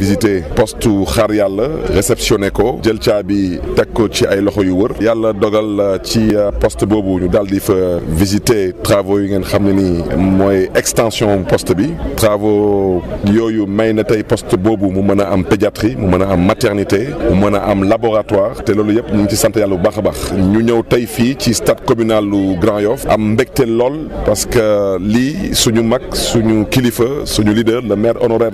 visité poste xaar yàlla réceptionné ko jël caabi teg ko ci ay loxo yu wër yàlla dogal euh, ci euh, poste boobu ñu daal di fa visité travaux yi ngeen xam ne ni mooy extension poste bi travaux yooyu may na tey poste boobu mu mën a am pédiatrie mu mën a am maternité mu mën a am laboratoire te loolu yëpp ñu ngi ci sant yàlla bu baax a baax ñu ñëw tey fii ci stade communal lu Grand Yoff am mbégte lool parce que lii suñu mag suñu kilifa suñu leader le maire honoraire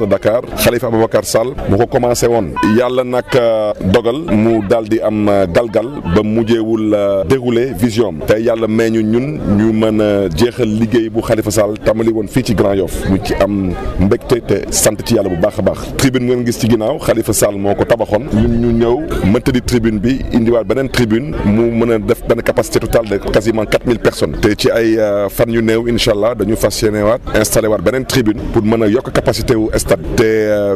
Sall mu ko commencé woon yàlla nag euh, dogal mu daal di am euh, galgal ba mujjeewul euh, déroulé vision am tey yàlla may ñu ñun ñu mën a jeexal liggéey bu Khalifa Sall tàmbali woon fii ci Grand Yoff ñu ci am mbégte te sant ci yàlla bu baax a baax tribune ngeen gis ci ginnaaw Khalifa Sall moo ko tabaxoon ñun ñu ñëw mënta di tribune bi indiwaat beneen tribune mu mën a def benn capacité totale de quasiment 4000 personnes te ci ay fan ñu néew incha allah dañu fas yéene waat installé waat beneen tribune pour mën yokk capacité wu stade te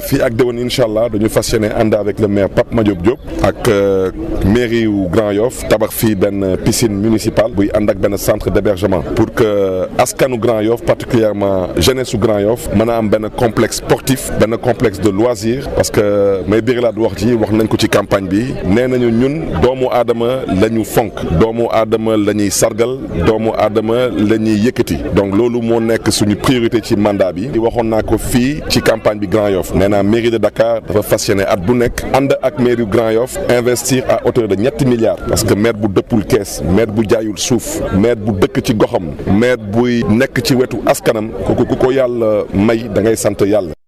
fii déwén incha allah dañu fas yéene ànd avec le maire Pape Madiop Diop ak euh, mairie wu Grand Yoff tabax fii benn piscine municipale buy ànd ak benn centre d'hébergement pour que askanu Grand Yoff particulièrement jeunesse su Grand Yoff mën a am benn complexe sportif benn complexe de loisir parce que may birilaat wax ji wax nañ ko ci campagne bi nee nañu ñun doomu aadama la fonk doomu aadama la ñuy sargal doomu adama la ñuy yëkkati donc loolu moo nekk suñu priorité ci mandat bi waxoon naa ci campagne de Dakar dafa fas yéene at bu nekk ànd ak maire yu Grand Yoff investir à hauteur de ñetti milliards parce que maire bu dëppul kees maire bu jaayul suuf maire bu dëkk ci goxam maire buy nekk ci wetu askanam kooku ku ko yàlla may da ngay sant yàlla